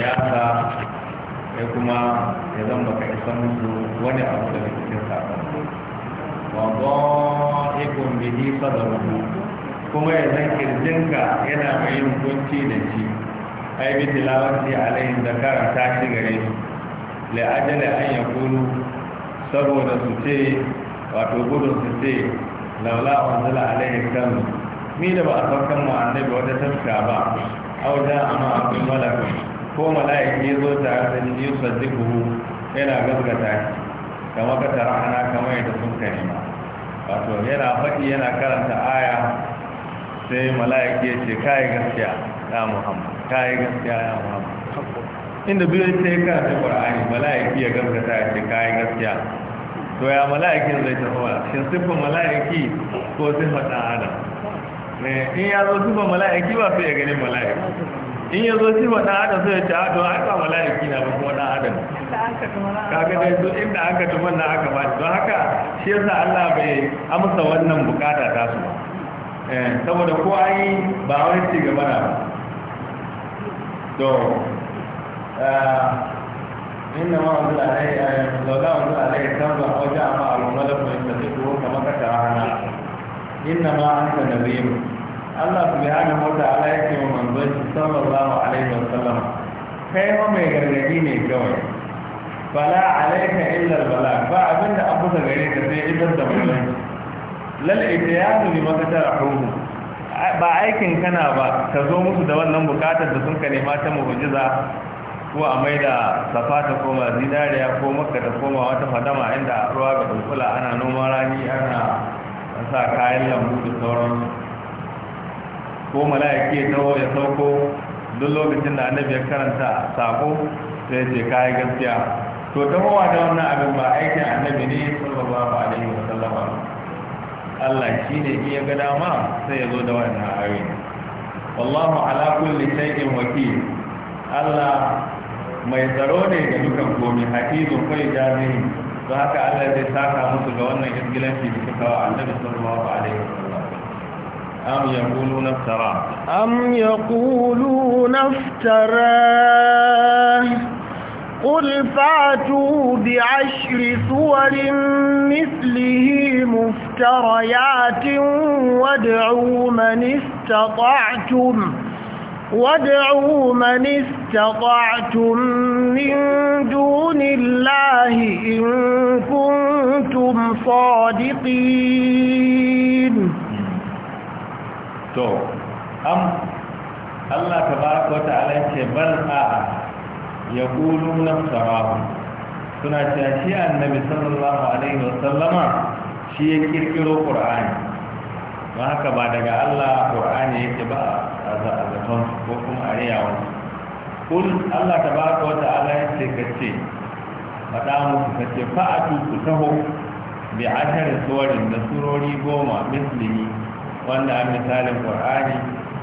ya sa ya kuma ya zan baka isa musu wani abu da cikin sakamako wa dha'ikun bihi sadruhu kuma ya zan kirjinka yana mai yin kunci da shi ai bi tilawati alaihi da karanta shi gare su la ajala an yakulu saboda su ce wato gudun su ce laula wanzala alaihi kan mi da ba a san saukan mu annabi wata tafka ba aw da amma abin malaka ko mala'iki ya zo ta asali ji sadiku yana gaskata shi kama ka tara ana kamar yadda sun kare ma wato yana faɗi yana karanta aya sai mala'iki ya ce kai gaskiya ya muhammad kai gaskiya ya muhammad inda biyu sai ka karanta qur'ani mala'iki ya gaskata ya ce kai gaskiya to ya mala'ikin zai tafi wa shin siffin mala'iki ko siffin ɗan adam Eh, in ya zo sifan mala'iki ba sai ya ganin mala'iki in ya zo sifan ɗan adam sai ya ce haɗu a ka mala'iki na ba kuma ɗan adam kaga dai duk inda aka tuman na aka ba don haka shi yasa Allah bai amsa wannan bukata ta su eh, saboda ko an yi ba wani ci gaba na ba to eh, inna ma wanzu alai zauna wanzu alai san ba wajen amma al'ummar da kuma inda ta tuwo kamar ka ta rana inna ma an ta nazimu Allah subhanahu wa ta'ala yake wa manzon shi sallallahu alaihi wa sallam kai ma mai gargadi ne kawai bala alaika illa bala ba abinda abu da gare ka sai idan da mulan lal ibtiyadu li makatarahu ba aikin kana ba ka zo musu da wannan bukatar da sun ka nema ta mu'jiza ko a mai da safa ta koma zinariya ko makka ta koma wata fadama inda ruwa ga dunkula ana noman rani ana sa kayan lambu da sauransu ko mala'iki ya tawo ya sauko duk lokacin da annabi ya karanta sako sai ce kayi gaskiya to tahowa da wannan abin ba aikin annabi ne sallallahu alaihi wa sallam Allah shi ne in ya ga dama sai ya zo da wannan ayoyi wallahu ala kulli shay'in wakil Allah mai tsaro ne ga dukan komai hafizun kai jami'i don haka Allah zai saka musu ga wannan shi da suka wa annabi sallallahu alaihi wa sallam أم يقولون افتراه أم يقولون افتراه قل فاتوا بعشر سور مثله مفتريات وادعوا من استطعتم وادعوا من استطعتم من دون الله إن كنتم صادقين to am Allah tabaraka wa ta'ala yake bal a na sarahu suna cewa shi annabi sallallahu alaihi wa sallama shi ya kirkiro qur'ani ba haka ba daga Allah qur'ani yake ba a zaton ko kuma a riyawa kul Allah tabaraka wa ta'ala yake kace faɗa muku kace fa'atu ku taho bi ashar suwarin da surori goma mislimi wanda a misalin qur'ani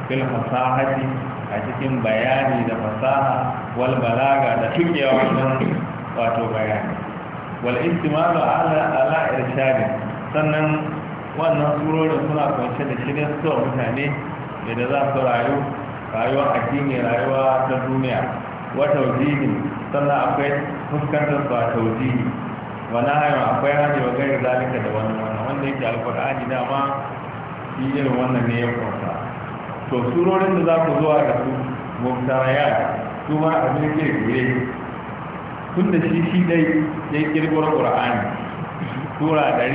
fil fasahati a cikin bayani da fasaha wal balaga da tukiya wannan wato bayani wal istimalu ala ala irshad sannan wannan surorin suna kunshe da shirin su mutane da za su rayu rayuwar addini rayuwa ta duniya wa tawjihi sannan akwai fuskantar ba tawjihi wa nahayin akwai hajji wa zalika da wannan wannan wanda yake alkur'ani dama shi irin wannan ne ya kwanta to surorin da za ku zuwa da su mubtaraya su ma a ke gure tun da shi shi dai ya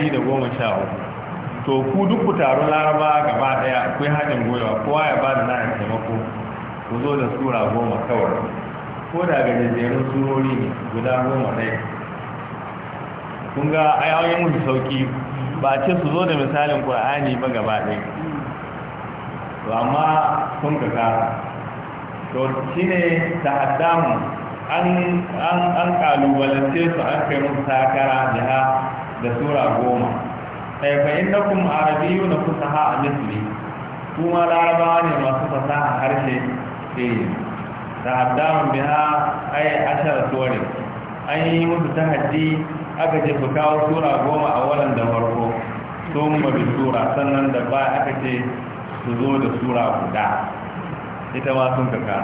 da goma sha uku to ku duk ku taru laraba gaba ɗaya akwai haɗin gwiwa kowa ya bada na taimako ku zo da sura goma kawai ko da gajejerun surori ne guda goma ɗaya kun ga ayoyin musu sauki ba ce su zo da misalin ƙura'ani ba gaba ɗaya to amma sun ka kasa to shi ne ta haddamu an ƙalubalance su an kai musu takara jiha da sura goma ɗaifayin inda kuma arabiyu na kusa ha a misali kuma larabawa ne masu fasaha harshe ɗaya eh, ta haddamu biha ai ashara suwarin an yi musu haddi aka ce ku kawo sura goma a wannan da farko sun mabi sura sannan da ba aka ce su zo da sura guda ita ma sun kaka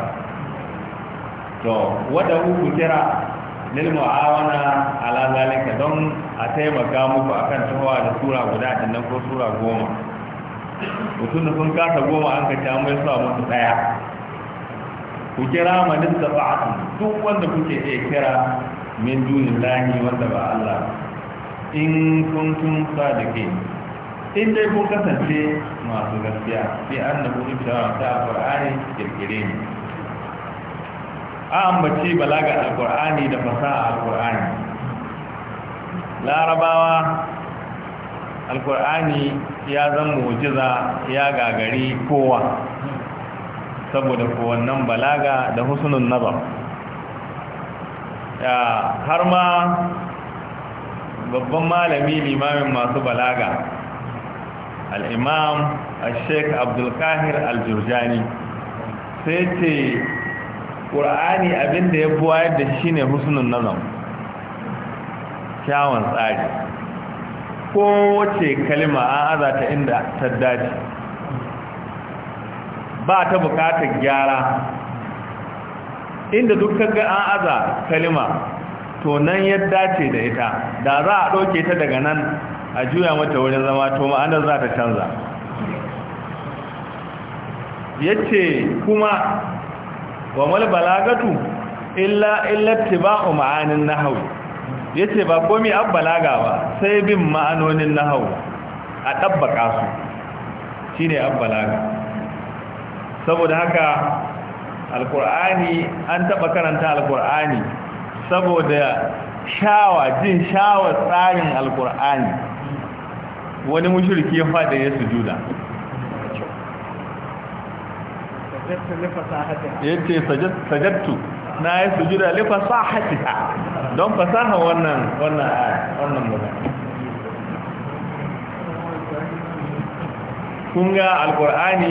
to wadda uku kira lil mu'awana ala zalika don a taimaka muku akan tawa da sura guda din nan ko sura goma mutum da sun kasa goma an kace an mai a musu daya ku kira manin da ba'atu duk wanda kuke iya kira min dunillahi wanda ba Allah in kuntum sadiqin in dai kun kasance masu gaskiya sai annabu ibtara ta alqur'ani kirkire ne a ambaci balaga alqur'ani da fasaha alqur'ani larabawa alqur'ani ya zan mu'jiza ya gagari kowa saboda kowannan balaga da husnul nazar har ma babban malami limamin masu balaga al'imam al-sheik abdulkahir al-jurjani sai ce ƙur'ani abinda ya buwayar da shi ne husnun nazam kyawun tsari kowace kalima an azata inda ta dace ba ta bukatar gyara inda duk ga an aza kalima to nan ya dace da ita da za a ɗauke ta daga nan a juya mata wurin zama to ma'anar za ta canza yace kuma wa mal balagatu illa illa tiba'u ma'anin nahwi yace ba komai an balaga ba sai bin ma'anonin nahwi a dabbaka su shine an balaga saboda haka alkur'ani an taɓa karanta alkur'ani saboda shawa jin shawa tsarin alkur'ani wani mushirki ya faɗi ya sujuda yace sajattu na ya sujuda lifa sahatiha don fasaha wannan wannan wannan Kunga kun ga alkur'ani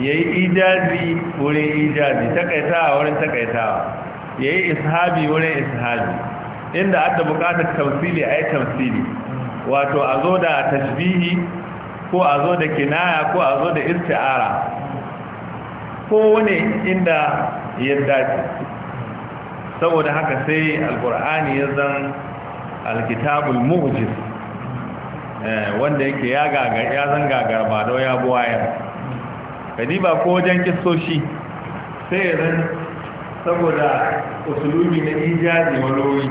ya yi ijazi wurin ijazi takaitawa wurin takaitawa ya yi ishabi wurin ishabi inda adda bukatar tamsili a yi tamsili wato a zo da tashbihi ko a zo da kinaya ko a zo da isti'ara ko wani inda ya dace saboda haka sai alkur'ani ya zan alkitabul mu'jiz eh, wanda yake ya zan gagarba da ya buwayen kadiba ko wajen kistoshi sai ya zan saboda usulumi na ijazi wani wuri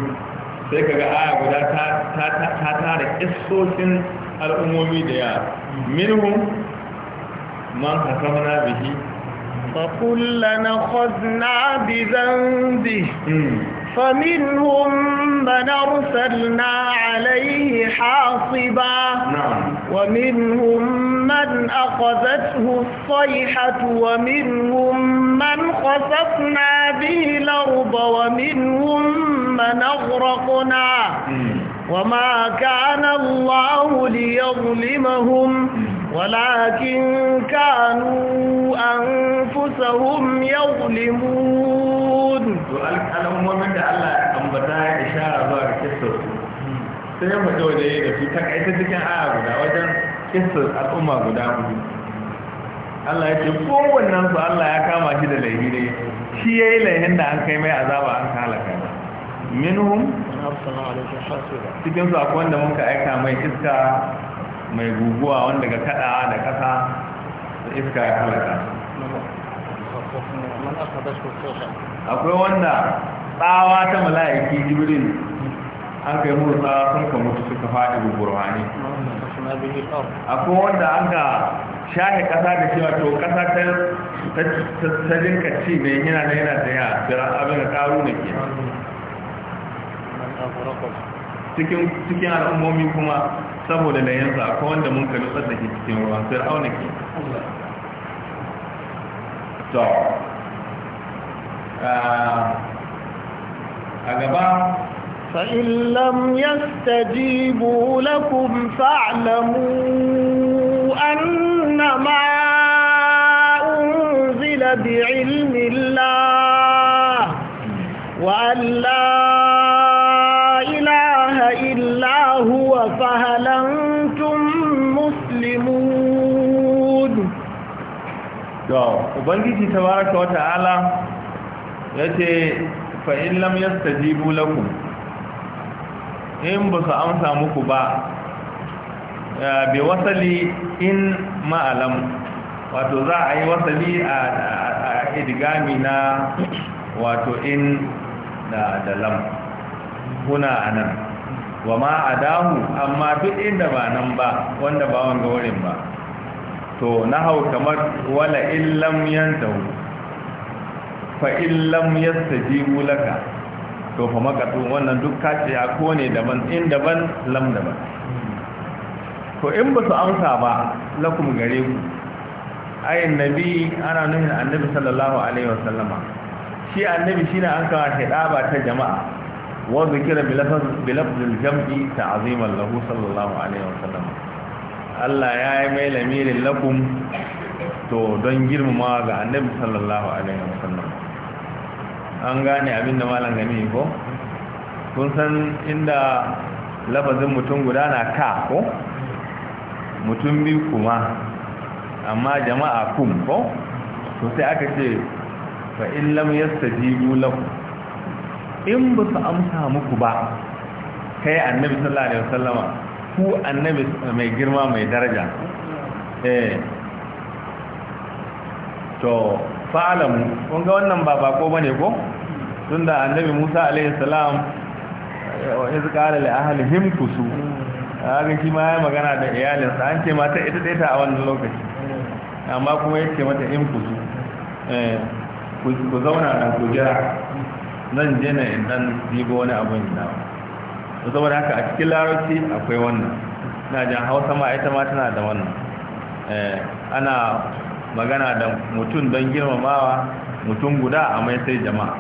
sai kaga aya guda ta tara kistoshin al'ummomi da ya minhum man hasamna bihi فكلنا خذنا bi. فمنهم من أرسلنا عليه حاصبا نعم. ومنهم من أخذته الصيحة ومنهم من خسفنا به الأرض ومنهم من أغرقنا وما كان الله ليظلمهم ولكن كانوا أنفسهم يظلمون to al'ummomin da Allah ya ambata ya ishara zuwa ga kistar sai mu dole ya da su ta kaita cikin aya guda wajen kistar al'umma guda hudu Allah ya ce kowannen su Allah ya kama shi da laifi ne shi yi laifin da an kai mai azaba an halaka minhum cikin su akwai wanda muka aika mai iska mai guguwa wanda ga kada da kasa da iska ya halaka akwai wanda tsawa ta mala'iki jibril an kai musu tsawa sun ka mutu suka faɗi burhani akwai wanda an ka shahi ƙasa da cewa to ƙasa ta dinka ci mai yana da yana da ya jira abin da ƙaru ne ke cikin al'ummomi kuma saboda da yanzu akwai wanda mun kalli tsada ke cikin ruwan sai auna ke a gaba fa’in lam ya staji bulakun fa’alamu illahu wa fahalantun muslimun. ta baraka ya fa in lam yastajibu lakum in ba su amsa muku ba bi wasali in ma'alam wato za a yi wasali a idigami na wato in da lam kuna a nan wa ma a dahu amma duk inda ba nan ba wanda ba wanga wurin ba to na hau kamar wala in lam yantahu fa'in lam yastajibu laka to fa makatu wannan duk kace ya kone daban in daban lam daban to in ba su amsa ba lakum gare ku ayin nabi ana nuhin annabi sallallahu alaihi wasallama shi annabi shine an kawo ba ta jama'a wa zikira bi lafzil jam'i ta'ziman lahu sallallahu alaihi wasallama Allah ya yi mai lamirin lakum to don girmama ga annabi sallallahu alaihi wasallama an gane abin da malam gani ko kun san inda lafazin mutum guda na ka ko mutum biyu kuma amma jama'a kun ko to sai aka ce fa in lam yastajibu lahu in ba su amsa muku ba kai annabi sallallahu alaihi wasallama ku annabi mai girma mai daraja eh to fa'alamu kun ga wannan ba bako bane ko tunda annabi Musa alayhi salam iz qala li ahlihim kusu kaga shi ma ya magana da iyalinsa an ce mata ita ɗaita a wannan lokaci amma kuma yake mata in kusu eh ku zauna da ku jira nan je na in dan dibo wani abun da to saboda haka a cikin larabci akwai wannan na jan hausa ma ita ma tana da wannan eh ana magana da mutum don girmamawa mutum guda a mai sai jama'a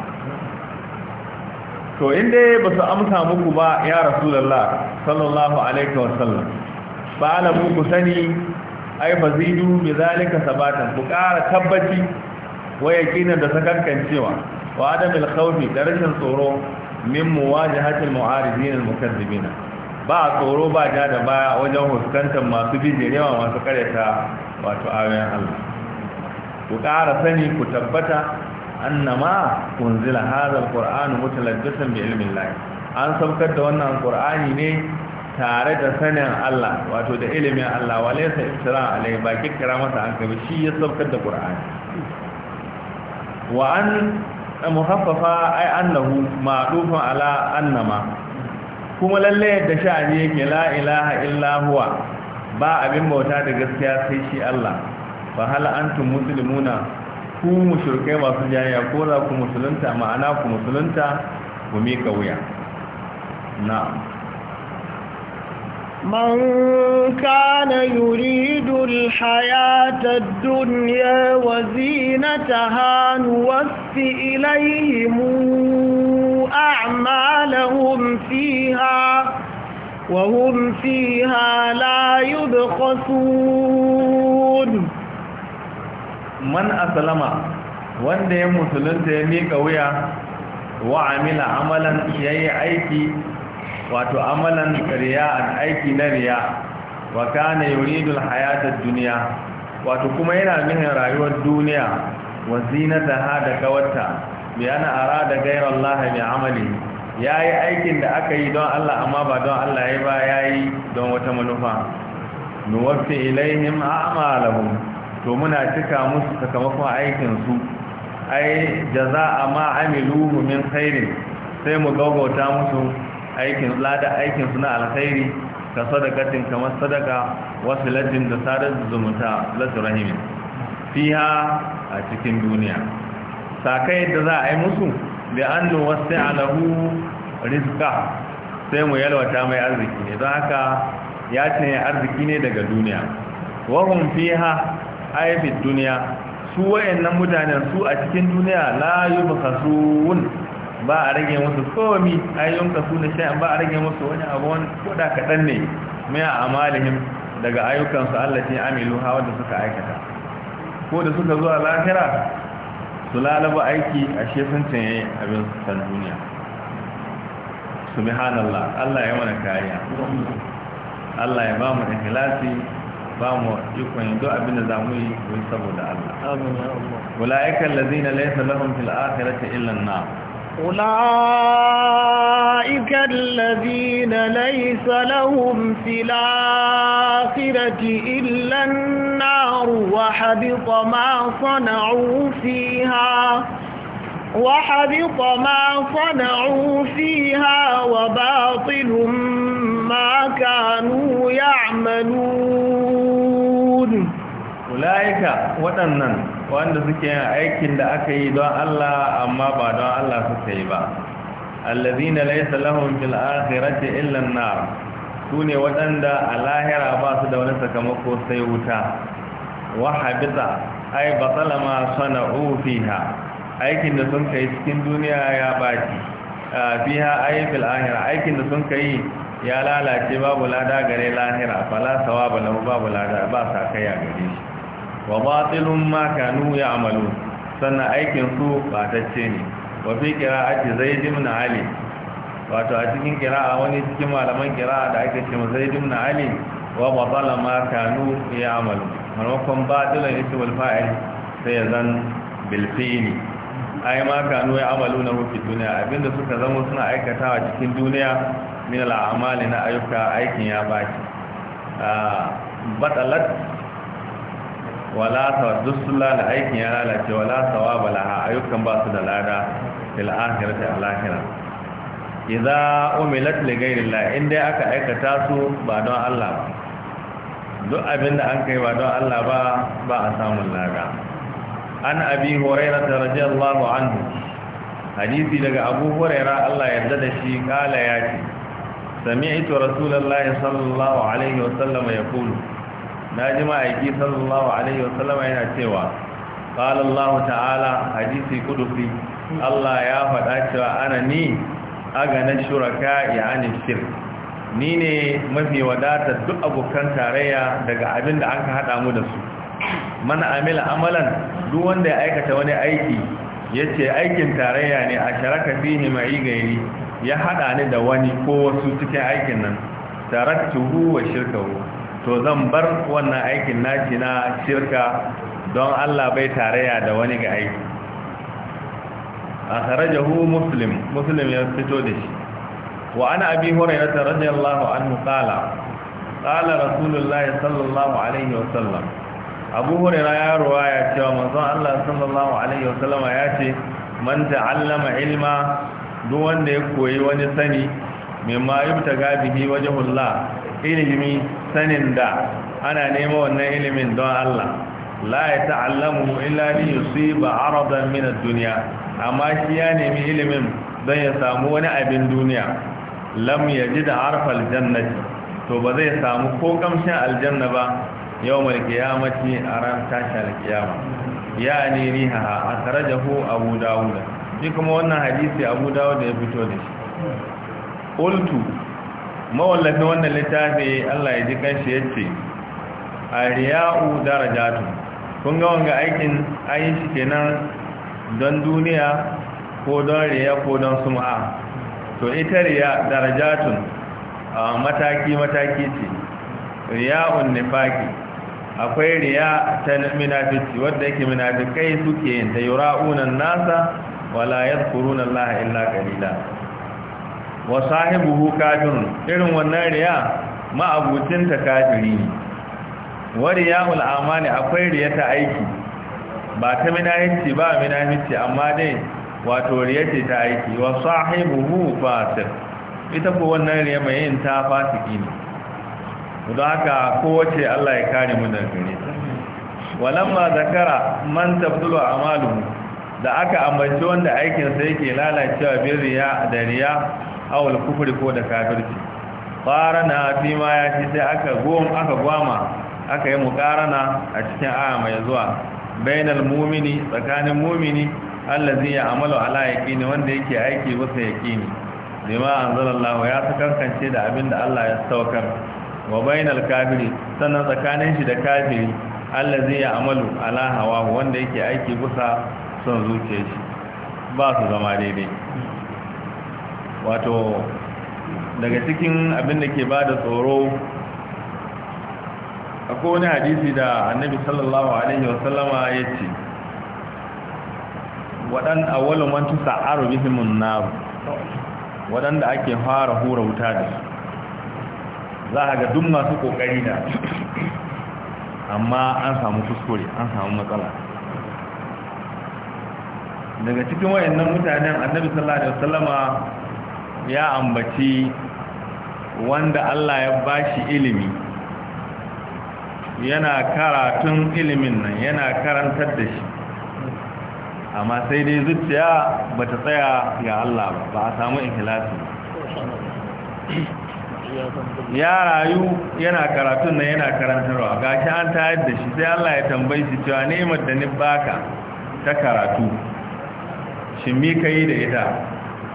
to inda ba su amsa muku ba ya rasulallah sallallahu alaihi wasallam ba na muku sani ai fa zidu bi zalika sabatan ku kara tabbaci wa yaqina da sakankancewa wa al khawfi da rashin tsoro min al mu'aridin al mukazzibin ba tsoro ba ja da baya wajen huskantar masu bijirewa masu karyata wato ayoyin Allah ku ƙara sani ku tabbata annama unzila hadha alqur'anu mutalajjasan bi ilmin lahi an saukar da wannan qur'ani ne tare da sanin Allah wato da ilimin Allah walaysa iftira alai ba kira masa an kabi shi ya saukar da qur'ani wa an muhaffafa ai annahu ma'dufun ala annama kuma lalle da sha'ani yake la ilaha illa huwa ba abin bauta da gaskiya sai shi Allah fa hal antum muslimuna ku mushrikai masu jayayya ko za ku musulunta ma'ana ku musulunta ku mika wuya na'am من كان يريد الحياة الدنيا وزينتها نوف إليهم أعمالهم فيها وهم فيها لا يبخسون man asalama wanda ya musulunta ya mika wuya wa amila amalan yayi aiki wato amalan an aiki na riya wa kana yuridul hayatar duniya wato kuma yana nuhin rayuwar duniya wa zinataha da kawarta bi ana arada ghayra Allah bi amali yayi aikin da aka yi don Allah amma ba don Allah yayi ba yayi don wata manufa nuwaffi ilaihim a'malahum to muna cika musu sakamakon aikinsu ai jaza a ma'amilu min khairin sai mu gaugauta musu aikin lada aikinsu na alkhairi ka sadakatin kamar sadaka wasu da sadar zumunta latin rahimin fiha a cikin duniya sakai da za a yi musu da an wasu alahu rizka sai mu yalwata mai arziki ne don haka ya ce arziki ne daga duniya wahun fiha aibid duniya su wayannan mutanen su a cikin duniya la yubkhasun ba a rage musu komi ayyun kasu na sha'an ba a rage musu wani abu wani koda kadan ne mai amalihim daga ayyukansu Allah ce amilu hawa da suka aikata ko da suka zuwa lahira su lalaba aiki a shefin canye abin san duniya subhanallah Allah ya mana kariya Allah ya ba mu ikhlasi bamu jukun ikon yin duk abin da za yi mu saboda Allah amin ya Allah ulaika allazina laysa lahum fil akhirati illa an-nar أولئك الذين ليس لهم في الآخرة إلا النار وحبط ما صنعوا فيها وحبط ما صنعوا فيها وباطل ما كانوا يعملون ula'ika waɗannan wanda suke yin aikin da aka yi don Allah amma ba don Allah suka yi ba allazina laysa lahum fil akhirati illa an-nar sune waɗanda a lahira ba su da wani sakamako sai wuta wa habita ay batala ma sana'u fiha aikin da sun kai cikin duniya ya baki fiha ay fil akhirah aikin da sun kai ya lalace babu lada gare lahira fala sawaba lahu babu lada ba sa kai a gare shi wa batilun ma kanu ya'malu sannan aikin su batacce ne wa fi qira'ati zaid ibn ali wato a cikin qira'a wani cikin malaman qira'a da ake cewa zaid ibn ali wa batala ma kanu ya'malu maimakon batilan ita wal fa'il sai ya zan bil fi'li ai ma kanu na fi dunya abinda suka zama suna aikatawa cikin duniya min al'amali na ayyuka aikin ya baki ah, batalat wala sawa, duk sun lalace aikin ya lalace wala sawaba laha ayyukan ba su da lada fil akhirati al Iza idza umilat li ghayrillah in dai aka aikata su ba don Allah ba duk abinda an kai ba don Allah ba ba a samun lada an abi ta hurairah radiyallahu anhu hadisi daga abu hurairah Allah yarda da shi kala ya ce sami'tu Rasulallah sallallahu alaihi wasallam yaqulu na ji ma'aiki sallallahu alaihi wasallama yana cewa qala ta'ala hadisi kudufi Allah ya faɗa cewa ana ni aganin shuraka yani shirk ni ne mafi wadata duk abokan tarayya daga abin da aka haɗa mu da su mana amila amalan duk wanda ya aikata wani aiki yace aikin tarayya ne a sharaka fihi ma'i gairi ya haɗa ni da wani ko wasu cikin aikin nan tarattu wa shirkahu to zan bar wannan aikin naci na shirka don Allah bai tarayya da wani ga aiki a sarajahu muslim muslim ya fito da shi wa ana abi hurairata radiyallahu anhu qala Tsala, rasulullah sallallahu alaihi wa sallam abu hurairah ya ruwaya cewa manzon Allah sallallahu alaihi wa sallam ya ce man ta'allama ilma duk wanda ya koyi wani sani mimma yubtaga bihi wajhullah ilimi sanin da ana nema wannan ilimin don Allah la ya ta'allamu illa li yusiba aradan min ad duniya, amma shi ya nemi ilimin don ya samu wani abin duniya lam da arfal jannati to ba zai samu ko kamshin aljanna ba yawmal qiyamati a ran tashi alqiyama yani riha akhrajahu abu dawud shi kuma wannan hadisi abu dawud ya fito da shi qultu mawallafin wannan littafi Allah ya ji kanshi ya ce a riya'u darajatu kun ga wanga aikin ayin shi kenan don duniya ko don riya ko don suma'a, to ita riya darajatun mataki-mataki ce riya'un nifaki akwai riya ta minafici wadda yake minafikai suke yin ta yura'unan nasa wala kuruna Allah illa qalila wa sahibuhu kafirun irin wannan riya ma'abucin ta kafiri ne wa riya'ul amani akwai riya ta aiki ba ta minahici ba minahici amma dai wato riya ce ta aiki wa sahibuhu fasir ita ko wannan riya mai yin ta fasiki ne don haka kowace Allah ya kare mu daga gare ta walamma zakara man tabdulu amaluhu da aka ambaci wanda aikinsa yake lalacewa bin riya da riya awal kufuri ko da kafirci qarana fi ma ya ci sai aka gom aka gwama aka yi muqarana a cikin aya mai zuwa bainal mu'mini tsakanin mu'mini allazi ya'malu ala yaqini wanda yake aiki bisa yaqini bima anzalallahu ya sakankance da abin da Allah ya saukar wa bainal kafiri sannan tsakanin shi da kafiri allazi ya'malu ala hawa wanda yake aiki bisa son zuce shi ba su zama daidai wato daga cikin abin da ke ba da tsoro akwai wani hadisi da annabi sallallahu alaihi wasallama ya ce waɗan awalin wancu sa'aru bihimun naru waɗanda ake fara hura wuta da su, za a ga duk masu ƙoƙari da amma an samu kuskure an samu matsala daga cikin wayannan mutanen annabi sallallahu alaihi wasallama ya ambaci wanda Allah ya bashi ilimi yana karatun ilimin nan yana karantar da shi amma sai dai zuciya ba ta tsaya ga Allah ba a samu ikhlasi ya rayu yana karatun nan yana karantarwa gashi an tayar da shi sai Allah ya tambayi shi cewa ne da ni baka ta karatu shin mi kai da ita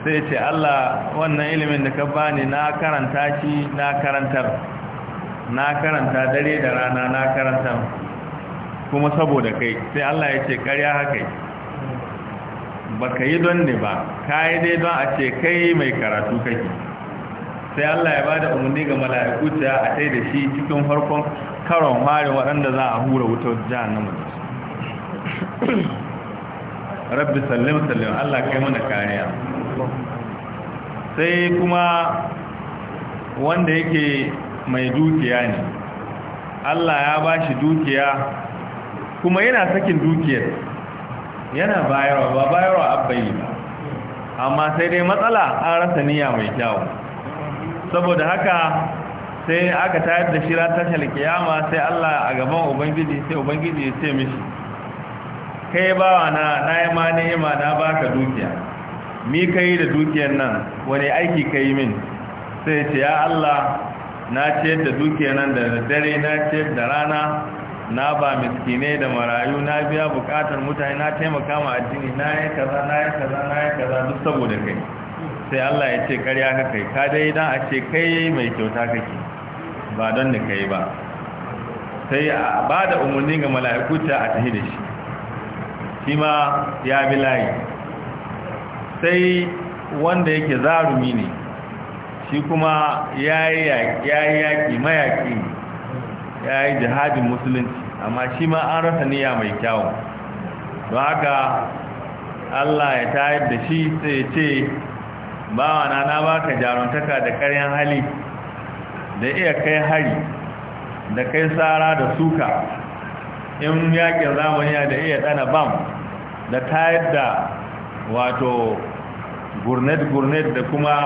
sai ce Allah wannan ilimin da ka bani na karanta shi na karantar na karanta dare da rana na karantar kuma saboda kai sai Allah ya ce ƙarya haka ba ka yi don ne ba ka yi dai don a ce kai mai karatu kake sai Allah ya ba da umarni ga mala'iku ta a tai da shi cikin farkon karon fari waɗanda za a hura wutar jahannama na mutu. rabbi sallim sallim Allah kai mana kariya sai kuma wanda yake mai dukiya ne Allah ya ba shi dukiya kuma yana sakin dukiyar yana bayarwa ba bayarwa abbayi ba amma sai dai matsala an rasa niyya mai kyau saboda haka sai aka tayar da shira tashar kiyama sai Allah a gaban ubangiji sai ubangiji ya ce mishi kai bawa na na yi ma ni'ima na ka dukiya mi ka da dukiyar nan wani aiki ka min sai ce ya Allah na ciyar da dukiyar nan da dare na ciyar da rana na ba miskine da marayu na biya bukatar mutane na taimaka ma addini na yi kaza na yi kaza na yi kaza duk saboda kai sai Allah ya ce karya ka kai ka dai dan a ce kai mai kyauta kake ba don da kai ba sai ba da umarni ga mala'iku ta a tahi da shi shi ma ya bi layi sai wanda yake zarumi ne shi kuma ya yi yaƙi mayaƙi ya yi jihadin musulunci amma shi ma an rasa niyya mai kyawun don haka allah ya tayar da shi sai ce bawa na na baka jaruntaka da ƙaryan hali da iya kai hari da kai tsara da suka in yaƙin zamaniya da iya ɗana bam da tayar da wato gurnet-gurnet da kuma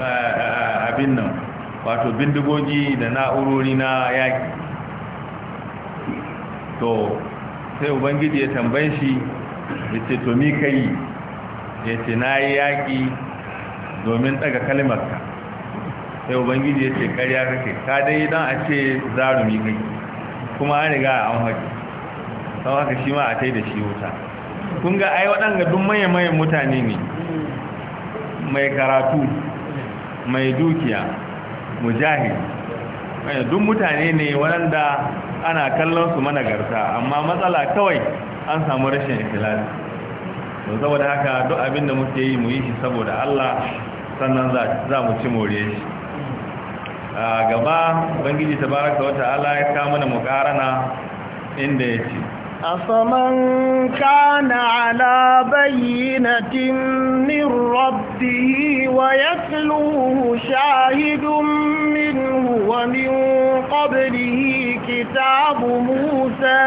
eh, eh, abin nan wato bindigogi da na'urori na yaƙi to sai ubangiji ya tambaye shi ya ce to mi ka yi ya ce na yi yaƙi domin ɗaga kalimarka sai ubangiji ya ce ƙarya kake ka dai don a ce zarumi kai kuma an riga an haƙi sau haka shi ma a tai da shi wuta kun ga ai waɗanda duk maye-mayen mutane ne mai karatu mai dukiya mujahid eh, duk mutane ne waɗanda ana kallon su managarta amma matsala kawai an samu rashin ikhlas to saboda haka duk abinda da muke yi mu yi shi saboda Allah sannan za mu ci more shi a gaba bangiji tabaraka wata, Allah ya kawo mana mukarana inda ya ce أفمن كان على بينة من ربه ويتلوه شاهد منه ومن قبله كتاب موسى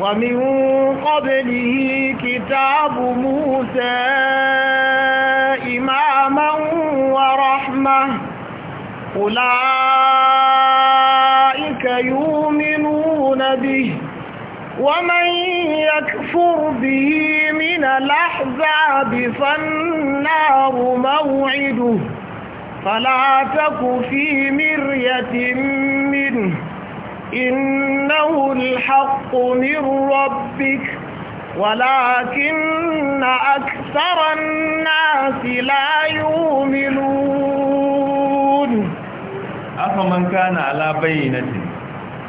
ومن قبله كتاب موسى إماما ورحمة أولئك يؤمنون به ومن يكفر به من الأحزاب فالنار موعده فلا تك في مرية منه إنه الحق من ربك ولكن أكثر الناس لا يؤمنون أفمن كان على بينة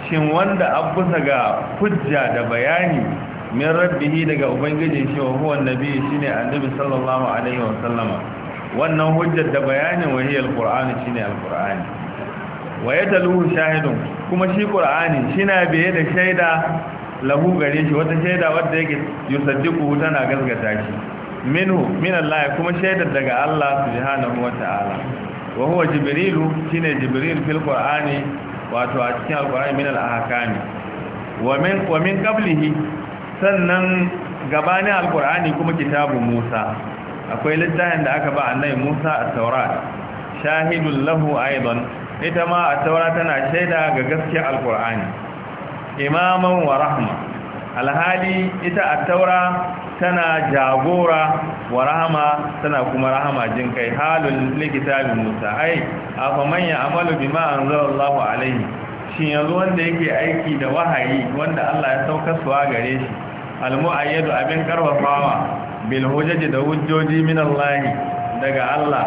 shin wanda abusa ga hujja da bayani min rabbihi daga ubangijin shi wa huwa annabi shine annabi sallallahu alaihi wa sallama wannan hujjar da bayanin wa hiya alqur'ani shine alqur'ani wa yataluhu shahidun kuma shi qur'ani na biye da shaida lahu gare shi wata shaida wadda yake yusaddiqu tana gaskata shi minhu min Allah kuma shaidar daga Allah subhanahu wa ta'ala wa huwa jibrilu shine jibril fil qur'ani wato a cikin alkur'ani min al-ahkami wa min wa min qablihi sannan gabanin alkur'ani kuma kitabu Musa akwai littafin da aka ba annabi Musa at-Taurat shahidul lahu aidan ita ma at-Taurat tana shaida ga gaskiya alkur'ani imaman wa rahma alhali ita at taura. tana jagora wa rahama tana kuma rahama jin kai halin likitabin musa ai afa ya amalu bima anzalallahu alaihi shin yanzu wanda yake aiki da wahayi wanda Allah ya sauka suwa gare shi almu'ayyadu abin karfafawa bil hujjaji da hujjoji min Allah daga Allah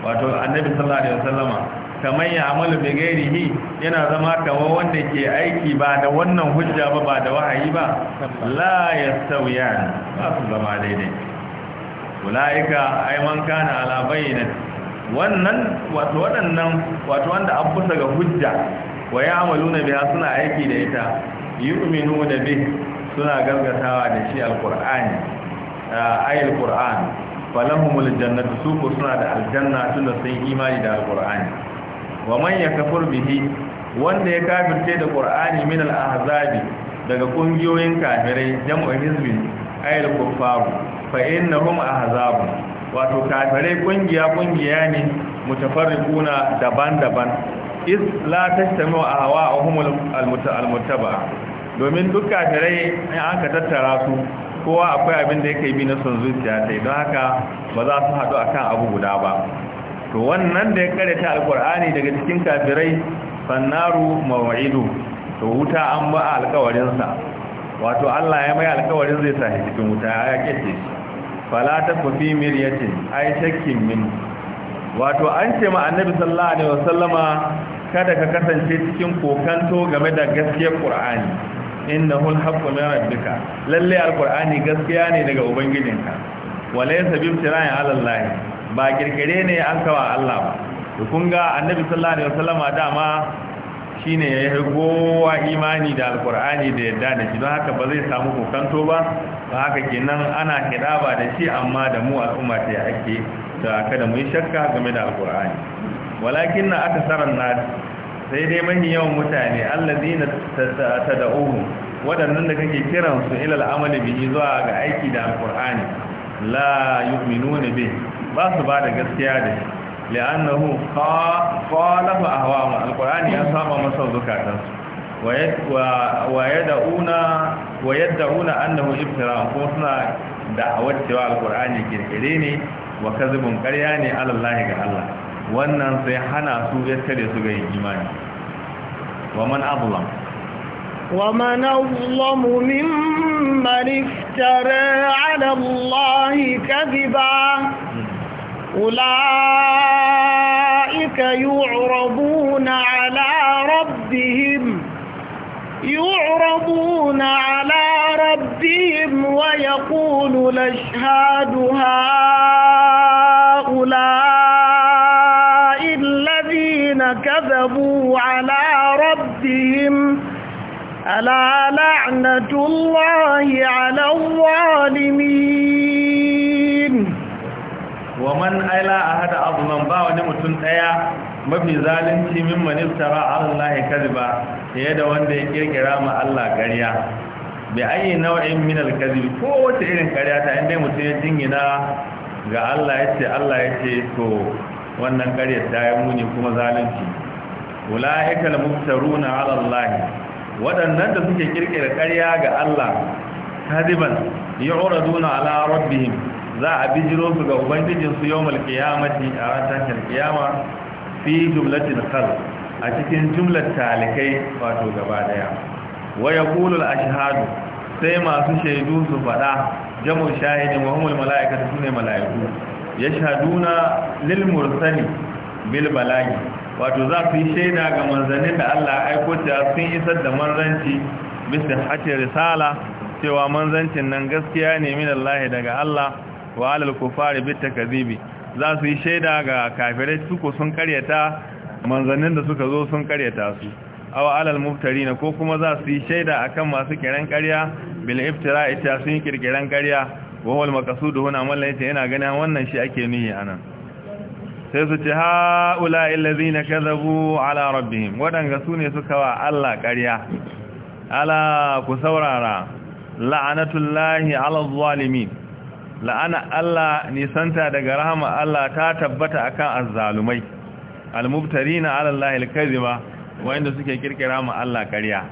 wato annabi sallallahu alaihi wasallama kamar ya amalu bi gairihi yana zama kamar wanda ke aiki ba da wannan hujja ba ba da wahayi ba la yastawiyan ba su zama daidai ulaika ay man kana wannan wato wadannan wato wanda an fusa ga hujja wa ya'maluna biya suna aiki da ita yu'minu da bi suna gaskatawa da shi alqur'ani ah, ayil qur'an falahumul jannatu suku suna da aljanna tunda sun imani da alkur'ani wa man yakfur bihi wanda ya kafirce da qur'ani min al-ahzabi daga kungiyoyin kafirai jam'u hizbin ayyul kuffaru fa innahum ahzab wato kafirai kungiya kungiya ne mutafarriquna daban-daban is la tastamu ahwa'uhum al mutaba domin duk kafirai an aka tattara su kowa akwai abin da yake bi na son zuciya sai don haka ba za su haɗu akan abu guda ba to wannan da ya karanta alkur'ani daga cikin kafirai fannaru mawaidu to wuta an ba alkawarinsa wato Allah ya mai alkawarin zai sahi cikin wuta ya kace shi fala takfi miryatin ai shakkin min wato an ce ma annabi sallallahu alaihi wasallama kada ka kasance cikin kokanto game da gaskiyar qur'ani innahu alhaqqu min rabbika lalle alqur'ani gaskiya ne daga ubangijinka walaysa bimtira'in ala Allah ba kirkire ne an kawa Allah ba to kun ga annabi sallallahu alaihi wasallama dama shine ya yi gowa imani da alkur'ani da yadda da shi don haka ba zai samu kokanto ba ba haka kenan ana ba da shi amma da mu al'umma ta ake da kada mu yi shakka game da alqur'ani walakin na aka sarar na sai dai mani yawan mutane allazina na tada'uhu waɗannan da kake kiransu su ilal amali bihi zuwa ga aiki da alqur'ani la yu'minuna bihi ba su ba da gaskiya da shi li'annahu qalafa ahwa'u alqur'ani ya saba masa zukatansu wa yad'una wa yad'una annahu iftira ko suna da'awar cewa alqur'ani kirkire ne wa kazibun ƙarya ne alallahi ga Allah wannan sai hana su ya tare su ga imani wa man azlam ومن أظلم ممن افترى على الله كذبا أولئك يعرضون على ربهم يعرضون على ربهم ويقول الأشهاد هؤلاء الذين كذبوا على ربهم ألا لعنة الله على الظالمين wa man aila ahada azman ba wani mutum daya mafi zalunci mimman iftara Allah kadhiba fiye da wanda ya kirkira ma Allah ƙarya bi ayi nau'in min al-kadhib ko wata irin ƙarya ta inda mutum ya jingina ga Allah yace Allah yace to wannan ƙaryar ta yi muni kuma zalunci ulaika al-muftaruna ala Allah waɗannan da suke kirkira ƙarya ga Allah kadhiban yu'raduna ala rabbihim za a bijiro su ga su yau malkiyamati a ranar alkiyama fi jumlatin kal a cikin jumlar talikai wato gaba daya waya kulul ashhadu sai masu shaidu su faɗa, jamu shahidin wa humul su ne mala'iku yashhaduna lil mursali bil balagi wato za su yi shaida ga manzannin da Allah aiko ta sun isar da manzanci Mr. hace risala cewa manzancin nan gaskiya ne min daga Allah wa alal kufari bit takzibi za su yi shaida ga kafirai su sun karyata manzannin da suka zo sun karyata su aw alal muftarina ko kuma za su yi shaida akan masu kiran karya bil iftira'i ta sun kirkiran karya wa wal maqsudu huna mallan yace yana ganin wannan shi ake nuni anan sai su ce ha ula illazina kadhabu ala rabbihim wadanga sune suka wa Allah karya ala ku saurara la'anatullahi ala zalimin la'ana Allah nisanta daga rahama Allah ta tabbata akan azzalumai almubtarina ala Allah alkaziba wanda suke kirkira ma Allah ƙarya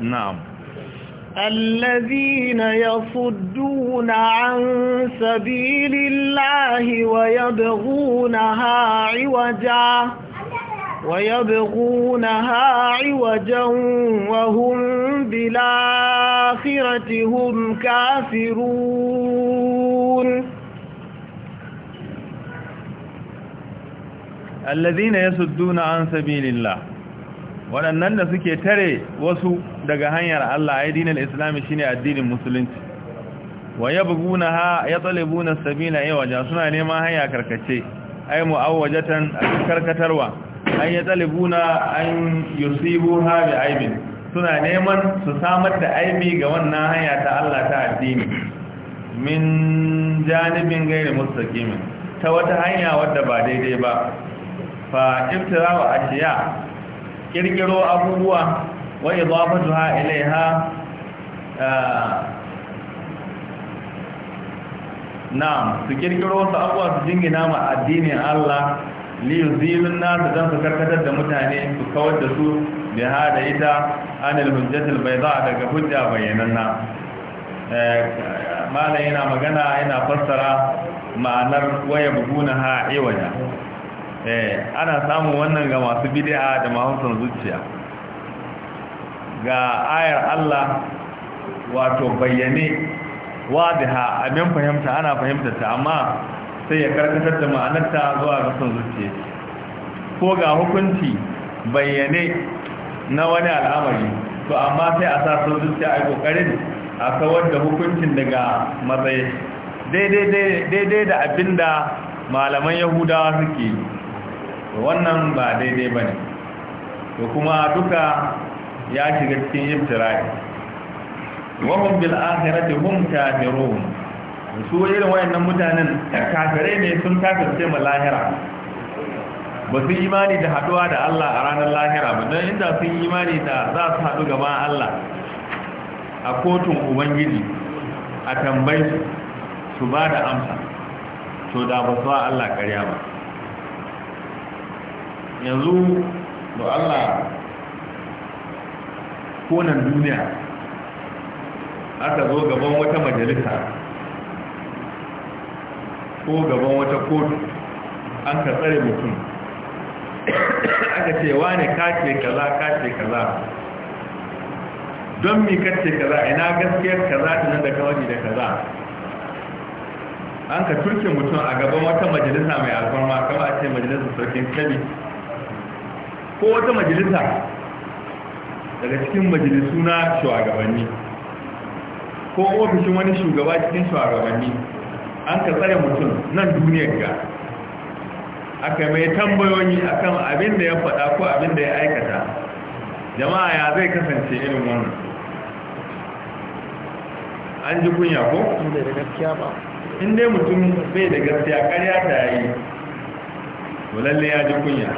na'am الذين يصدون عن سبيل الله ويبغونها عوجاً ويبغونها عوجا وهم بالآخرة هم كافرون الذين يسدون عن سبيل الله waɗannan da suke tare wasu daga hanyar Allah ai dinin Islami shine addinin musulunci wa yabghunaha na sabila aywaja suna neman hanya karkace ai muawwajatan karkatarwa an ya talibuna an yusibu ha aibin suna neman su samar da aibi ga wannan hanya ta Allah ta addini min janibin gairi mustaqimin ta wata hanya wadda ba daidai ba fa iftira wa ashiya kirkiro abubuwa wa idafatuha ilaiha na su kirkiro su abuwa su jingina ma addinin Allah liyuzilun nasu don su karkatar da mutane su kawar da su da hada ita anil hujjatul bayda daga hujja bayyananna eh, malam yana magana yana fassara ma'anar waya buguna ha iwaya eh, ana samun wannan ga masu bid'a da mahausan zuciya ga ayar Allah wato bayyane wadiha abin fahimta ana fahimta ta amma sai ya karkatar da ma'anarta zuwa ga zuciya ko ga hukunci bayyane na wani al'amari to amma sai a sa son zuciya a kokarin a kawar da hukuncin daga matsayi daidai da abinda malaman yahudawa suke wannan ba daidai ba ne to kuma duka ya shiga cikin yin ibtirai wahum bil akhirati hum kafirun su irin wayannan mutanen kafirai ne sun kafirce ma lahira ba su imani da haduwa da Allah a ranar lahira ba don inda sun imani da za su haɗu gaba Allah a kotun ubangiji a tambayi su ba da amsa to da ba su Allah ƙarya ba yanzu da Allah konan duniya aka zo gaban wata majalisa ko gaban wata kotu an ka tsare mutum aka ce ne kace kaza kace kaza don mi kace kaza ina gaskiyar kaza tunan da kawai da kaza an ka turke mutum a gaban wata majalisa mai alfarma kama a ce majalisa sarkin kabi ko wata majalisa daga cikin majalisu na shugabanni ko ofishin wani shugaba cikin shugabanni an ka tsare mutum nan duniyar ga aka mai tambayoyi akan abin da ya faɗa ko abin da ya aikata jama'a ya zai kasance irin wannan an ji kunya ko? in dai mutum bai da gaskiya karya ta yi to lalle ya ji kunya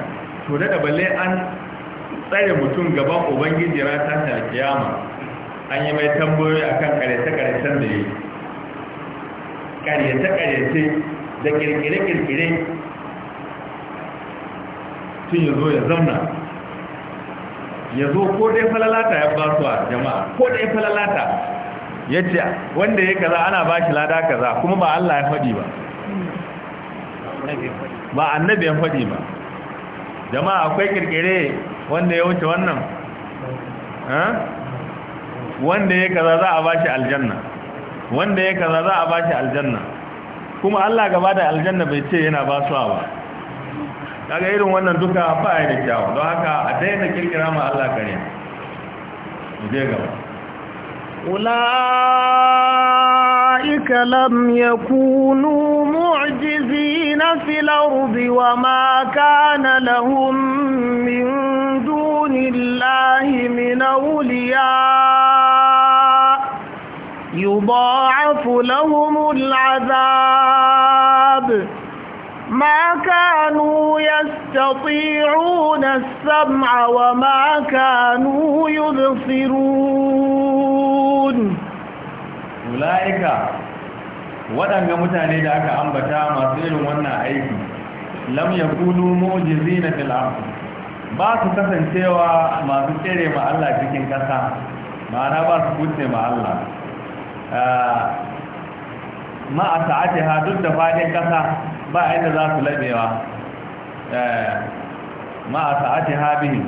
to da balle an tsare mutum gaban ubangiji ta tashin alkiyama an yi mai tambayoyi akan karyace-karyacen da ya yi ƙaryace-ƙaryace da ƙirƙire-ƙirƙire tun ya zo ya zamna ya zo ko dai falalata ya basuwa a jama'a ko dai falalata ya ce wanda ya kaza ana ba shi lada kaza kuma ba Allah ya faɗi ba ba annabi ya faɗi ba jama'a akwai ƙirƙire wanda ya wuce wannan wanda ya kaza za a ba shi aljanna wanda ya kaza za a bashi aljanna kuma Allah gaba da aljanna bai ce yana ba su ba daga irin wannan duka ba ya da kyawu don haka a daina kirkira ma Allah kare je gaba أولئك لم يكونوا معجزين في الأرض وما كان لهم من دون الله من يضاعف لهم العذاب ما كانوا يستطيعون السمع وما كانوا يبصرون أولئك ولم يمتن لك أنبتا مصير ونا أيك لم يكونوا موجزين في الأرض بعض كثن سوى ما تتري مع الله في كثن ما نبس كثن مع الله ma a sa'ati ha duk da fadin kasa ba inda za su labewa eh, ma a sa'ati ha bihin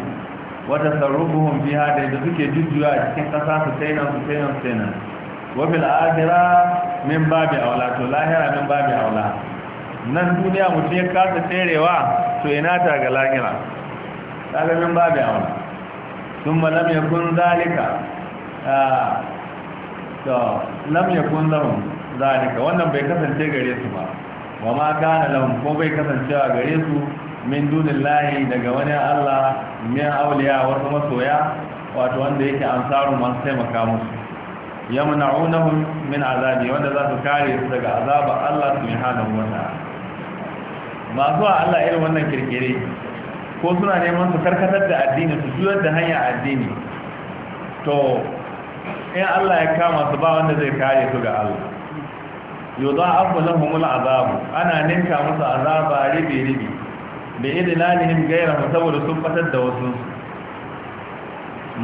wata sarrufuhun biya da yadda suke jujjuwa a cikin kasa su tainan su tainan su tainan wafil ajira min babi aula to lahira min babi aula nan duniya mutum ya kasa terewa to ina ta ga lahira ga min babi aula sun malam ya kun zalika ah, to lam yakun lahum zalika wannan bai kasance gare su ba wa ma kana lahum ko bai kasancewa gare su min dunillahi daga wani Allah min auliya wasu masoya wato wanda yake ansaru masu taimaka musu yamna'unahum min azabi wanda za su kare su daga azaba Allah subhanahu wa ta'ala masu a Allah irin wannan kirkire ko suna neman su karkatar da addini su juyar da hanya addini to in Allah ya kama su ba wanda zai kare su ga Allah yudha'afu lahumul azabu ana ninka musu azaba ribi ribi bi idlalihim ghayrahu saboda sun fatar da wasu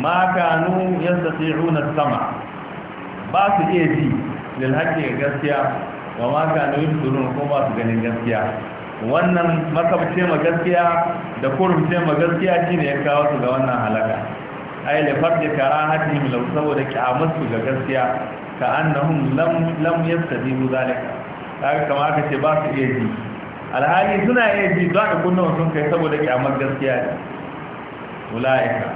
ma kanu yastati'una sama ba su iya ji lil haqqi gaskiya wa ma kanu yusirun ko su ganin gaskiya wannan makabce ma gaskiya da kurumce ma gaskiya shine ya kawo su ga wannan halaka ay la farka karahatihim law saboda kyamarsu ga gaskiya ka annahum lam lam yastajibu zalika kaga kamar aka ce ba su iya ji alhali suna iya ji za ka kunna sun kai saboda kyamar gaskiya ne ulaika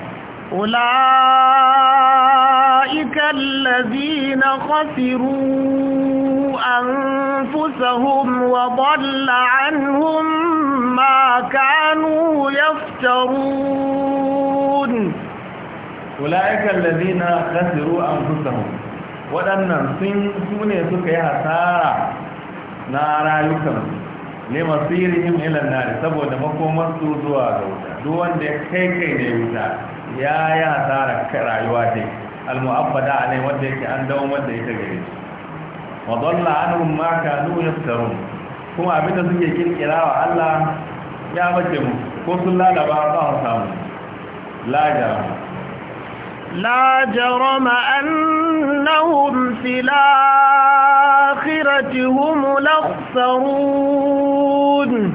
ulaika allazina khasiru anfusahum wa dhalla anhum ma kanu yaftarun ulaika allazina khasiru anfusahum waɗannan sun sune suka yi hasara na rayukansu ne masirihim ila nari saboda makomar su zuwa ga wuta duk wanda ya kai kai ne wuta ya yi hasara rayuwa dai almu'abbada ne wanda yake an dawo wanda ita gare shi wa dalla anhum ma kanu kuma abinda suke kirkirawa Allah ya bace mu ko sun lalaba ba samu lajara لا جرم أنهم في الآخرة هم الأخسرون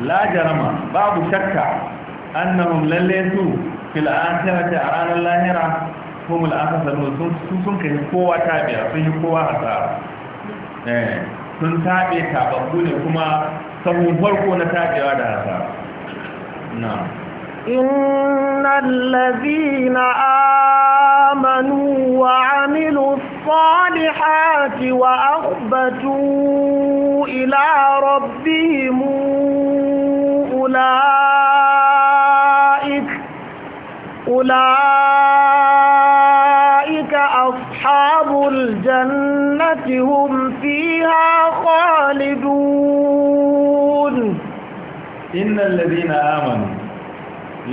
لا جرم بعض شك أنهم لليسوا في الآخرة أعان اللاهرة هم الأخسرون سوسن قوة تابعة فهكوة أسارة sun taɓe taɓaɓɓu ne kuma sahun farko na taɓewa da hasara na إن الذين آمنوا وعملوا الصالحات وأخبتوا إلى ربهم أولئك أولئك أصحاب الجنة هم فيها خالدون إن الذين آمنوا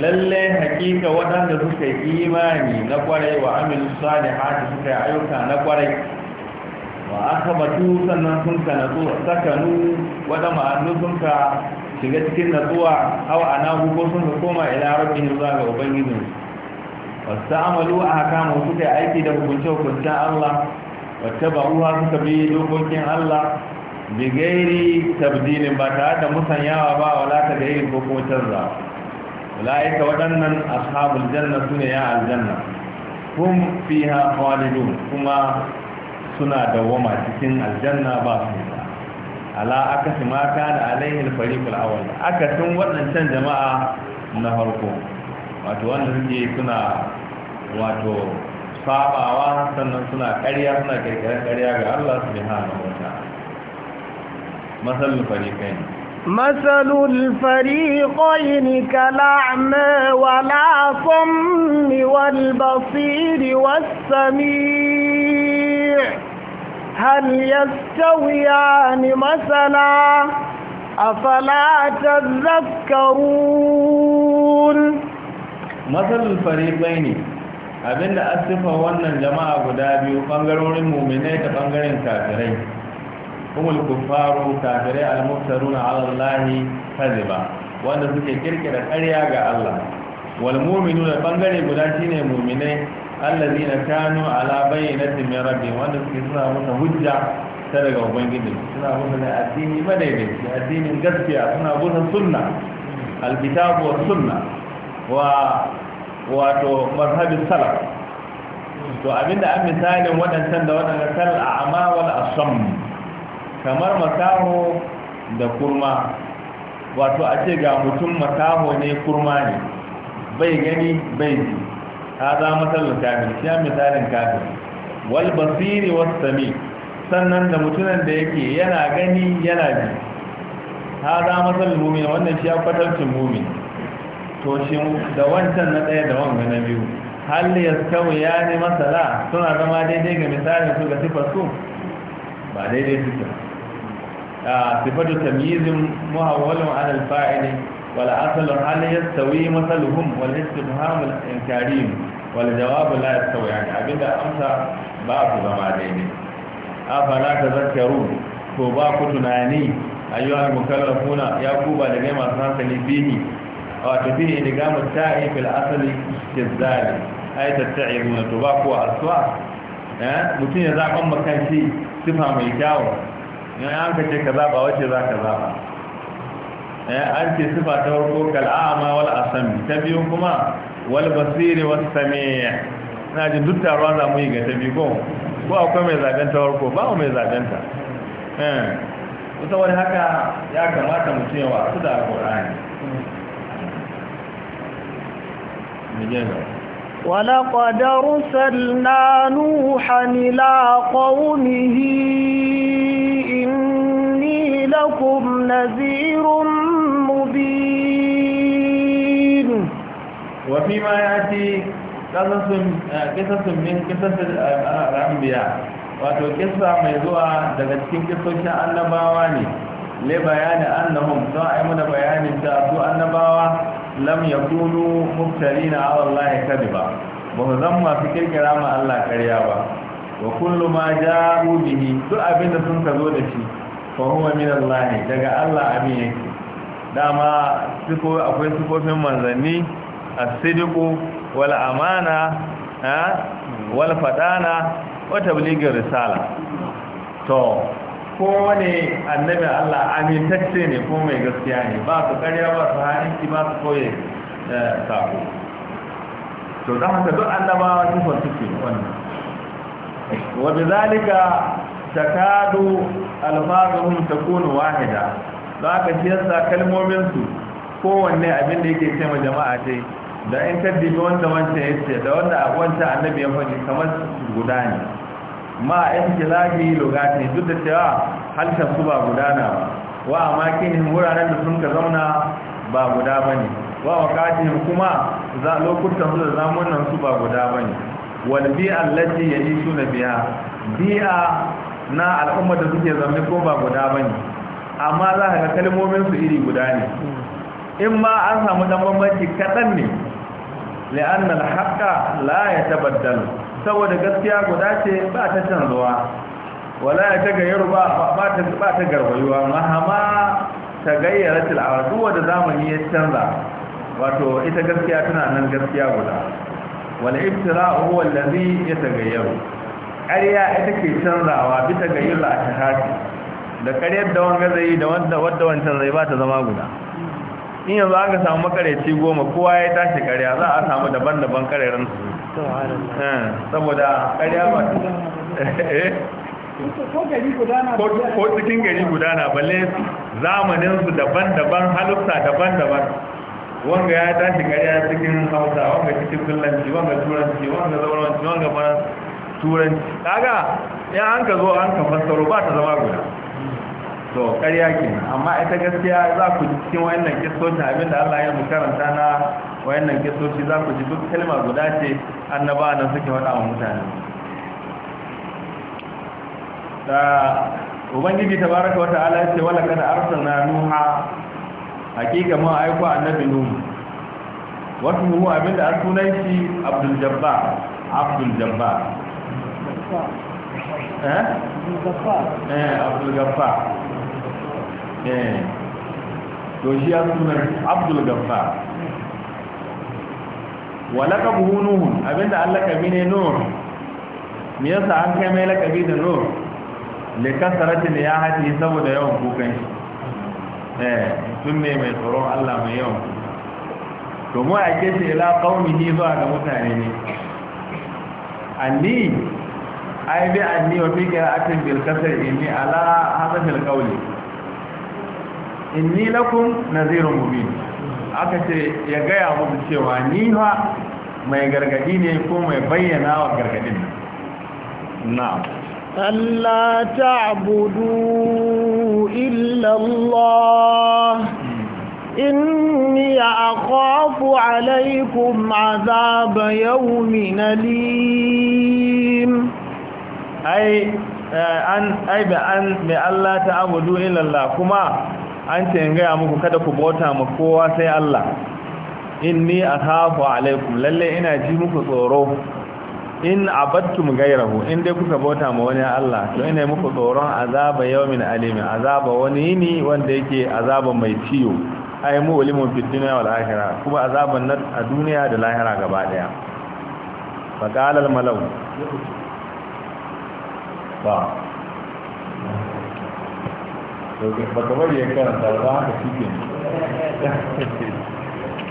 lalle hakika waɗanda suka yi imani na kwarai wa amilu hati suka yi ayyuka na kwarai wa aka batu sannan sun ka natsuwa sakanu wadda ma'annu sun ka shiga cikin natsuwa hawa a nagu ko sun ka koma ila rabin zuwa ga ubangijin wasu amalu a haka mu suka yi aiki da hukunce hukuncen allah wata uwa suka bi dokokin allah bigairi tabdilin ba tare da musanyawa ba wala ta gairi ko kuma canza. ulaika waɗannan ashabul janna sune ya aljanna hum fiha khalidun kuma suna dawwama cikin aljanna ba su da ala akasi ma kana alaihi al-fariqul awwal akasin waɗancan jama'a na farko wato wanda suke suna wato sabawa sannan suna ƙarya suna kirkirar ƙarya ga Allah subhanahu wa ta'ala masalul fariqain مثل الفريقين كالأعمى ولا صم والبصير والسميع هل يستويان مثلا أفلا تذكرون مثل الفريقين abinda أصفه wannan الجماعة قدابي biyu bangarorin muminai da kuma kufaru kafirai al-mustaruna ala Allah kadhiba wanda suke kirkira ƙarya ga Allah wal mu'minuna bangare guda shine mu'minai allazina kanu ala bayyinati min rabbi wanda suke suna mutu hujja ta daga ubangiji suna mutu ne addini madaidaici addinin gaskiya suna mutu sunna alkitabu sunna wato mazhabi salaf to abinda an misalin waɗannan da waɗannan sal'a amawal asam kamar makaho da kurma wato a ce ga mutum makaho ne kurma ne bai gani bai ji za matsalar kafin shi misalin kafin wal basiri wasu sami sannan da mutunan da yake yana gani yana ji za matsalar mumin wannan shi ya kwatancin mumin to shi da wancan na ɗaya da wanga na biyu hal ya ya ne masala suna zama daidai ga misalin su ga sifar su ba daidai suke a sifatu tamyizin muhawwalun ala alfa'ili wal asalu hal yastawi masaluhum wal istifham al inkarim wal jawab la yastawi yani abinda amsa ba ku zama daidai afala tazakkaru to ba ku tunani ayyuhal mukallafuna ya ku ba da gaima hankali fihi wato fihi idgamu ta'i fil asli kizali ay tatta'izuna to ba ku aswa eh mutun ya zaban makan shi sifa mai kyawu in an ka ce ka zaɓa wace za ka zaɓa eh, an ce sifa ta farko kal'ama wal asami ta biyu kuma wal basiri wal samiya na ji duk taruwa za mu yi ga ta biyu ko ko akwai mai zaben ta farko ba mai zaben ta kusa eh, wani haka ya kamata mu cewa su da alƙur'ani. Mu je ولقد ارسلنا نوحا إلى قومه إني لكم نذير مبين وفيما يأتي قصص قصص من قصص الأنبياء wato kisa mai zuwa daga cikin kissoshin annabawa ne le bayani annahum don a yi mana bayanin ta su annabawa lam yakunu muftarina na Allah kadiba ba su zan masu kirkira ma Allah karya ba wa kullu ma ja'u bihi duk abinda sun ka zo da shi fa huwa min Allah daga Allah abin yake dama akwai sifofin manzanni as-sidqu wal amana ha wal fadana wa tablighi risala to kowane annabi Allah amintacce ne ko mai gaskiya ne ba su karya ba su harinci ba su koye eh, sako to don haka duk annabawa sifar suke wannan wa bi zalika takadu ta takunu wahida Za ka shi yasa kowanne abin da yake ce ma jama'a ce da in kaddibi wanda wancan ya ce. da wanda wancan annabi ya faɗi kamar guda ne ma ihtilahi lugati duk da cewa halkar su ba gudana ba wa amakinin wuraren da sun ka zauna ba guda bane wa wakati kuma za lokutan su da zamunan su ba guda bane wal bi'a allati ya'ishuna biha bi'a na al'umma da suke zaune ko ba guda bane amma za ka ga kalmomin su iri guda ne in ma an samu dan bambanci kaɗan ne la'anna al-haqqa la yatabaddalu saboda gaskiya guda ce ba ta canzuwa wala ya ta gayyaru ba ba ta garwayuwa mahama ta gayyara tilawar duk wanda zamani ya canza wato ita gaskiya tana nan gaskiya guda Wani uwa lalzi ya ta gayyaru ƙarya ita ke canzawa bisa a ta la'ashahati da ƙaryar da wanga zai da wanda wadda wancan zai ba ta zama guda in yanzu ga samu makareci goma kowa ya tashi ƙarya za a samu daban-daban ƙaryarin su saboda ƙarya eh? ba ko cikin gari gudana balle zamaninsu daban-daban halitta daban-daban wanga ya tashi ƙarya cikin hausa wanga cikin kullanci, wanga turanci wanga zauranci wanga faransa turanci daga ya an ka zo an ka fassaro ba ta zama guda to ƙarya ke amma ita gaskiya za ku cikin wannan kistocin abinda allah ya mu karanta na wayan wayannan kisoci za ku ji duk kalma guda ce annaba na suke faɗa wa mutane da ubangiji ta baraka wata'ala ya ce wala kada arsalna nuha hakika mun aiko annabi nuhu wasu mu abin da sunan shi abdul jabba abdul jabba eh? eh abdul jabba eh to shi ya sunan abdul jabba wa laqabuhu nuh abinda Allah kabi ne nur me yasa an kai mai laqabi da nur li kasratin ya hati saboda yawan kukan shi eh sun ne mai tsoron Allah mai yawan to mu ake ce ila qaumihi zuwa ga mutane ne anni ai bi anni wa fi qira'atin bil kasr inni ala hadha al qawli inni lakum nadhirun mubin aka ce ya gaya musu cewa ni ha mai gargadi ne ko mai bayyana wa gargadin nan na Allah ta abudu illallah hmm. inni ya akwafu alaikum azaba yau minalim ai eh, an aibe an mai Allah ta abudu illallah kuma an ce in gaya muku kada ku bauta ma kowa sai Allah inni akhafu alaikum lalle ina ji muku tsoro in abattum gairahu in dai kuka bauta ma wani Allah to ina muku tsoron azaba yawmin alimin azaba wani ne wanda yake azaba mai ciyo ai mu ulimun fi dunya wal akhirah kuma azaban nan a duniya da lahira gaba daya qala al malau ba ba ya karanta ba haka shi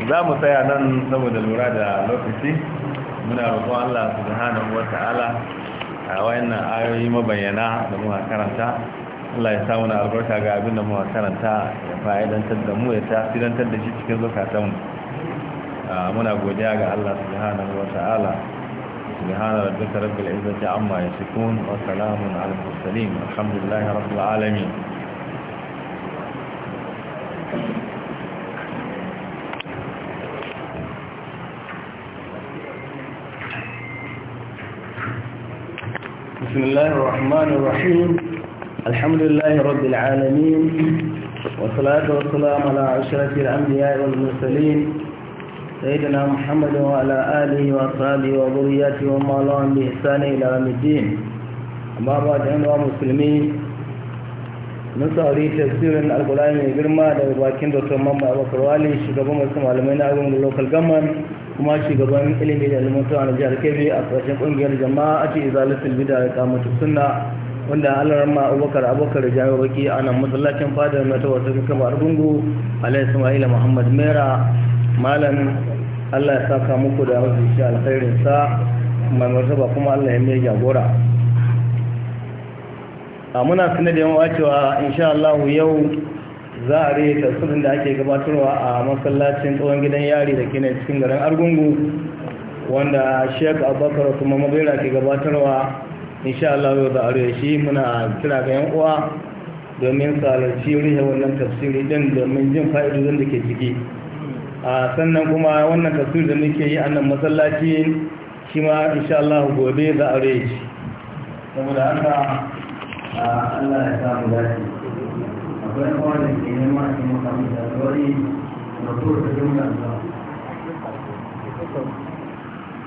za mu tsaya nan saboda lura da lokaci muna roƙon Allah subhanahu wa ta'ala a wayannan ayoyi mabayyana da muka karanta Allah ya samu na albarka ga abin da muka karanta ya fa'idantar da mu ya tafidantar da shi cikin zukatan mu muna godiya ga Allah subhanahu wa ta'ala subhana rabbika rabbil izzati amma yasifun wa salamun alal mursalin alhamdulillahi rabbil alamin بسم الله الرحمن الرحيم الحمد لله رب العالمين والصلاة والسلام على أشرف الأنبياء والمرسلين سيدنا محمد وعلى آله وصحبه وذريته ومن والاهم بإحسان إلى يوم الدين أما بعد أيها المسلمين mun saurari tasirin alkulani mai girma daga bakin dr mamma abakar wali shugaban wasu malamai na agun local government kuma shugaban ilimin da alimantawa na jihar kebe a ƙarshen ƙungiyar jama'a ce izalisul bida da kamata sunna wanda allah rama abubakar abubakar da jami'a baki a nan masallacin fadar na ta wata kama argungu alayhi ismaila muhammad mera malam allah ya saka muku da wasu shi alkhairinsa mai martaba kuma allah ya mai jagora a muna suna da yawa cewa insha Allah yau za a rai tasirin da ake gabatarwa a masallacin tsohon gidan yari da ke cikin garin argungu wanda sheik abubakar kuma mabera ke gabatarwa insha Allah yau za a rai shi muna kira ga yan uwa domin tsalarci rihe wannan tafsiri din domin jin fa'idodin da ke ciki a sannan kuma wannan tafsir da muke yi a nan masallaci shi ma insha Allah gobe za a rai shi Allah ya samu dace akwai wani ke nema a cikin makamu da wani mutum da jimla da